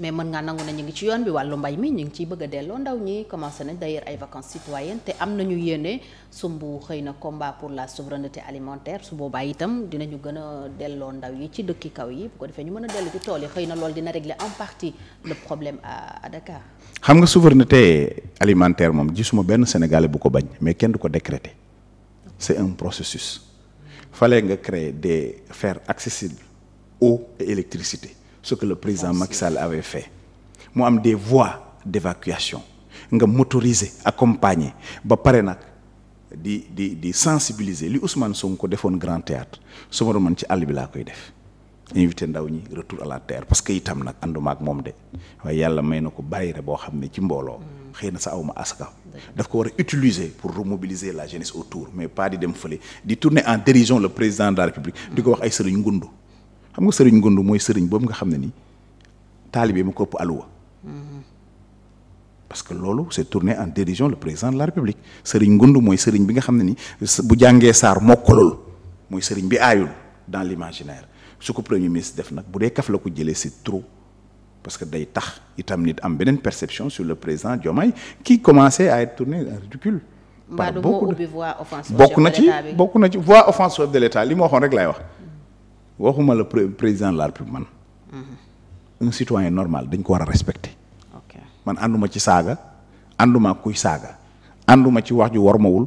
mais mën ngaa nangu na ñu ngi ci yoon bi wàllu mbay mi ñu ngi ciy bëgg a delloo ndaw ñi commencé nañ d'ailleurs ay vacances citoyennes te am nañu yéene sumb xëy na combat pour la souveraineté alimentaire su boobaa itam dinañu gën a delloo ndaw yi ci dëkki kaw yi bu ko defee ñu mën a dellu ci tool yi xëy na loolu dina régler en partie le problème à Dakar. xam nga souveraineté alimentaire moom ji suma benn Sénégalais bu ko bañ mais kenn du ko décréter c'est un processus fallait nga créer des faire accessible eau et électricité. ce que le président Macky Sall avait fait mu am des voies d'évacuation nga motoriser accompagner ba pare nag di di di sensibiliser li Ousmane Sonko defoon grand théâtre su ma doon man ci àll koy def invité ndaw ñi retour à la parce que itam nag ànduma ak moom de waaye yàlla may na ko bàyyire boo xam ne ci mbooloo mm. xëy na sa awma aska daf ko war a utiliser pour remobiliser la jeunesse autour mais pas di dem fële di tourner en dérision le président de la république di ko wax ay sëriñ ngundu xam nga sëriñ Ngundu mooy sëriñ boobu nga xam ne ni taalibe mu ko ëpp aluwa parce que loolu c' est tourné en dérision le président de la république sëriñ Ngundu mooy sëriñ bi nga xam ne ni bu jàngee saar mokkalul mooy sëriñ bi aayul dans l' imaginaire su ko premier ministre def nag bu dee kaf la ko jëlee c' est parce que day tax itam nit am beneen perception sur le président Diomaye qui commençait à être tourné en ridicule par beaucoup de bokk na ci bokk na ci voix offensive de l' li ma waxoon rek laay wax waxuma la président de la République man mm-hmm. un citoyen normal dañ ko war a respecter man ànduma ci saaga ànduma kuy saaga ànduma ci wax ju war mawul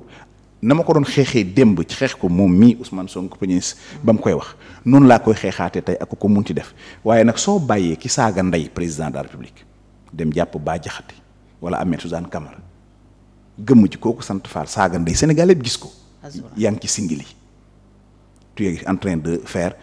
na ma ko doon xeexee démb ci xeex ko moom mii Ousmane Sonko Premier ministre ba mu koy wax noonu laa koy xeexaatee tey ak ko mun munti def waaye nag soo bàyyee ki saaga ndey président de la République dem jàpp Bah Diakhaté wala Ahmed Suzanne Camara gëmm ci kooku sant Fall saaga ndey Sénégal yëpp gis ko yaa ngi ci singili tu es de faire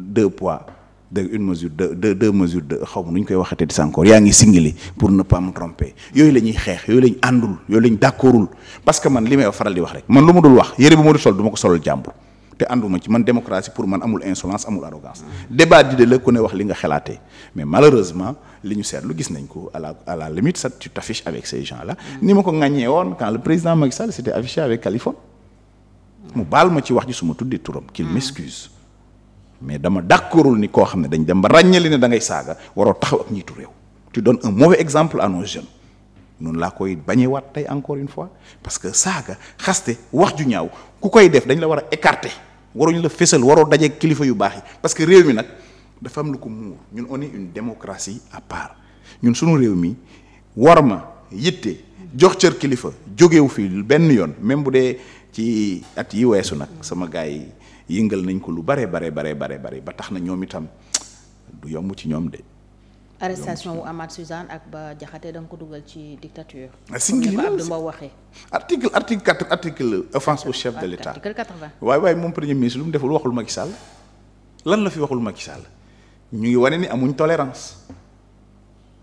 deux pois de une mesure de deux deux mesures de xaw ma nu ñu koy waxatee di encore yaa ngi singili pour ne pas me tromper yooyu la ñuy xeex yooyu la àndul yooyu la ñu parce que man li may faral di wax rek man lu ma dul wax yére bu ma dul sol du ma ko solal jàmbur te ànduma ci man démocratie pour man amul insolence amul arrogance débat di de la ku ne wax li nga xalaatee mais malheureusement li ñu seetlu gis nañ ko à la à la limite ça tu t'affiches avec ces ma ko ŋàññee woon quand le président Macky Sall s'était affiché avec mu baal ma ci wax ji su ma tuddee turam qu'il m'excuse mais dama d'accordul ni koo xam ne dañ dem ba ràññali ne da ngay saaga waroo taxaw ak njiitu réew tu donnes un mauvais exemple à nos jeunes noonu laa koy bañewaat tey encore une fois parce que saaga xaste wax ju ñaaw ku koy def dañ la war a écarter waruñ la fésal waroo daje kilifa yu baax yi parce que réew mi nag dafa am lu ko muur ñun on est une démocratie à part ñun suñu réew mi war ma yitte jox cër kilifa jógewu fi benn yoon même bu dee ci at yi weesu nag sama gars yi yëngal nañ ko lu bare bare bare bare bare ba tax na ñoom itam du yomb ci ñoom de. arrestation wu Amath Suzanne ak Bah Diakhaté da nga ko dugal ci dictature. Ah, si la Abdou Mbow waxee. article article quatre article offense au chef de l' waaye waaye moom premier ministre lu mu deful waxul Macky Sall lan la fi waxul Macky Sall ñu ngi wane ni amuñ tolérance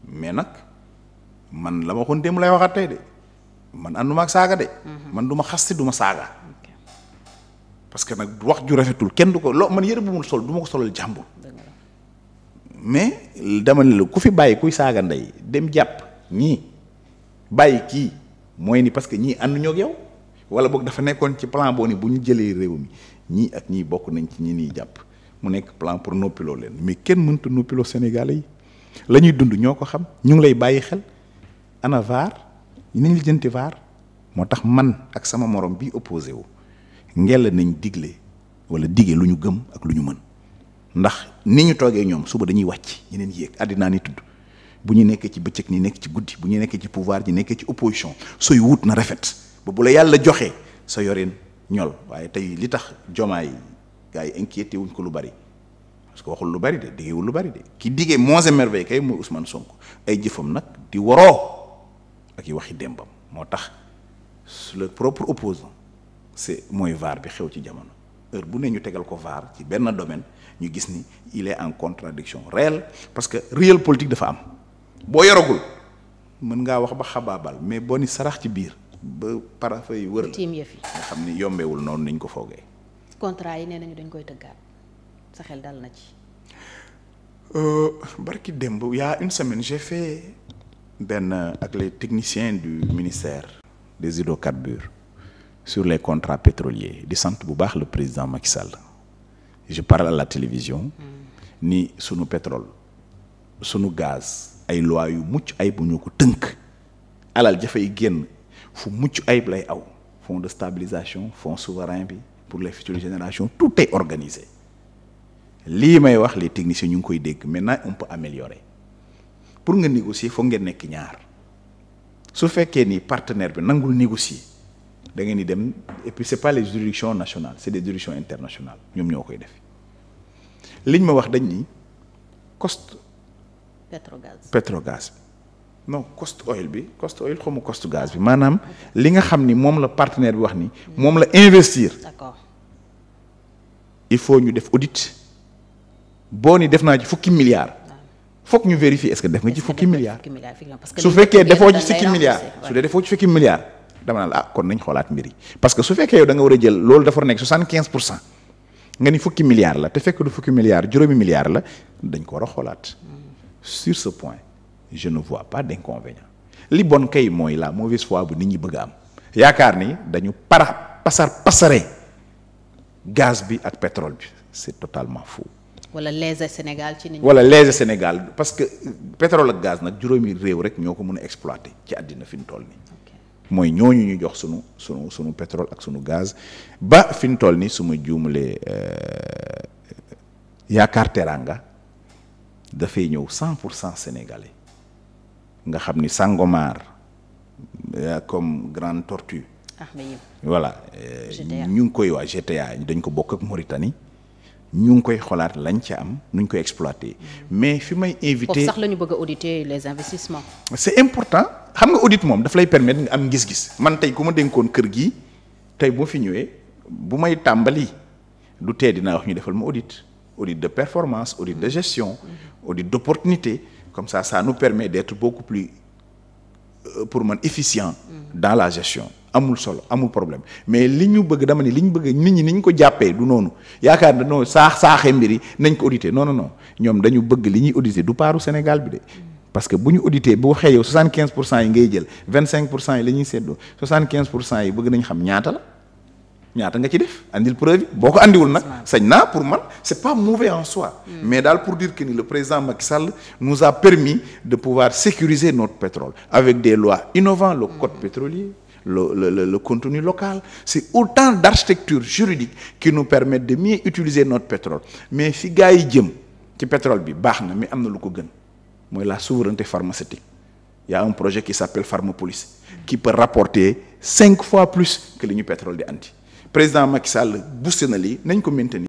mais nag man la ma waxoon démb lay waxaat tey de man ànduma ak saaga de. Mhm. man du xasti du ma saaga. parce que nag wax ju rafetul kenn du ko loo man yére bu mu sol du ko solal jàmbur mais dama ne la ku fi bàyyi kuy saaga ndey dem jàpp ñii bàyyi kii mooy ni parce que ñii ànd ak yow wala boog dafa nekkoon ci plan boo ni bu ñu jëlee réew mi ñii ak ñii bokk nañ ci ñi niy jàpp mu nekk plan pour noppiloo leen mais kenn mënta noppiloo Sénégalais yi la ñuy dund ñoo ko xam ñu ngi lay bàyyi xel ana ñu nañ la jënti vaar moo tax man ak sama morom bi opposé wu ngela nañ digle wala dige lu ñu gëm ak lu ñu mën ndax ni ñu toogee ñoom suba dañuy wàcc ñeneen yéeg àddinaa ni tudd bu ñu nekkee ci bëccëg ni nekk ci guddi bu ñu nekkee ci pouvoir ñi nekkee ci opposition sooy wut na rafet ba bu la yàlla joxee sa yorin ñol waaye tey li tax jomaay gars yi inquiété wuñ ko lu bari parce que waxul lu bari de diggewul lu bari de ki diggee Mons et Merveilles kay mooy Ousmane Sonko ay jëfam nag di waroo ak yi waxi démbam moo tax le propre opposant c'est mooy vaar bi xew ci jamono heure bu ne ñu tegal ko vaar ci benn domaine ñu gis ni il est en contradiction réelle parce que réelle politique dafa am boo yoragul mën ngaa wax ba xabaabal mais boo ni sarax ci biir ba parafa yi wër la nga xam ni yombewul noonu niñ ko foogee contrat yi nee nañu dañ koy tëggaat sa xel dal na ci euh, barki démb y a une semaine j'ai fait benn euh, ak les techniciens du ministère des hydrocarbures sur les contrat pétrolier di sant bu baax le président Macky Sall je parle à la télévision mm. ni sunu pétrole sunu gaz ay loi yu mucc ay bu ñu ko tënk alal jafay génn fu mucc ayib lay aw fonds de stabilisation fonds souverain bi pour les futures générations tout est organisé lii may wax les techniciens ñu ngi koy dégg maintenant on peut améliorer pour nga négocier foog ngeen nekk ñaar su fekkee ni partenaire bi nangul négocier da ngeen di dem et puis c'est pas les juridictions nationales c'est des juridictions internationales ñoom ñoo koy def liñ ma wax dañ ni cost. pétrogaz pétrogaz bi non cost oil bi cost oil xaw ma cost bi maanaam li nga xam ni moom la partenaire bi wax ni. moom la investir. d'accord il faut ñu def audit boo ni def naa ci fukki milliards. Ah. foog ñu vérifier est-ce que def nga ci fukki milliards. su fekkee defoo ci fukki milliards defoo ci fukki milliards. dama naan ah kon nañ xolaat mbir yi parce que su fekkee yow da nga war a jël loolu dafa nekk soixante quinze pour cent nga ni fukki milliards la te fekk du fukki milliards juróomi milliards la dañ ko war a xoolaat sur ce point je ne vois pas d'inconvénient li bon kay mooy la mauvaise foi bu nit ñi bëgg am yaakaar ni dañu para pasar pasare gaz bi ak pétrole bi c'est totalement faux. wala léser Sénégal ci nit wala léser Sénégal parce que euh, pétrole ak gaz nag juróomi réew rek ñoo ko mën a exploiter ci àddina fi mu toll nii. mooy ñooñu ñu jox sunu sunu sunu pétrole ak sunu gaz ba fi ñu toll ni su ma juumalee euh, yaakaar teraanga dafay ñëw cent pour cent sénégalais nga xam ni Sangomar euh, comme Grande Tortue. ah voilà euh, ñu ngi koy waa GTA dañ ko bokk ak Mauritanie. ñu ngi koy xolaat lañ ca am nuñ koy exploiter mais fi may invité sax la ñu bëgg a auditer les investissements. c'est important xam nga audit moom daf lay permettre nga am gis-gis man tey ku ma dénkoon kër gi tey bu fi ñëwee bu may tàmbali du tee dinaa wax ñu defal ma audit audit de performance audit de gestion audit d'opportunité comme ça ça nous permet d'être beaucoup plus euh, pour man efficient dans la gestion amul solo amul problème mais li ñu bëgg dama ni li ñu bëgg nit ñi ni ñu ko jàppee du noonu yaakaar na non saax saaxee mbir yi nañ ko audité non non ñoom dañu bëgg li ñuy audité du paaru Sénégal bi de. parce que bu ñu auditer bu waxee yow 75 pour cent yi ngay jël 25 pour cent yi la ñuy seddoo 75 pour cent yi bëgg nañ xam ñaata la ñaata nga ci def andil preuve boo ko andiwul nag. sañ naa pour man c'est pas mauvais en soi. Mm. mais daal pour dire que ni le président Macky Sall nous de pouvoir sécuriser notre pétrole avec des lois innovantes le mm. le, le, le contenu local. C'est autant d'architectures juridiques qui nous permettent de mieux utiliser notre pétrole. Mais fi gars yi jëm ci pétrole bi baax na mais am na lu ko gën mooy la souveraineté pharmaceutique il a un projet qui s'appelle Pharmapolis qui peut rapporter cinq fois plus que li ñu pétrole di andi président Macky Sall boosté na lii nañ ko maintenir.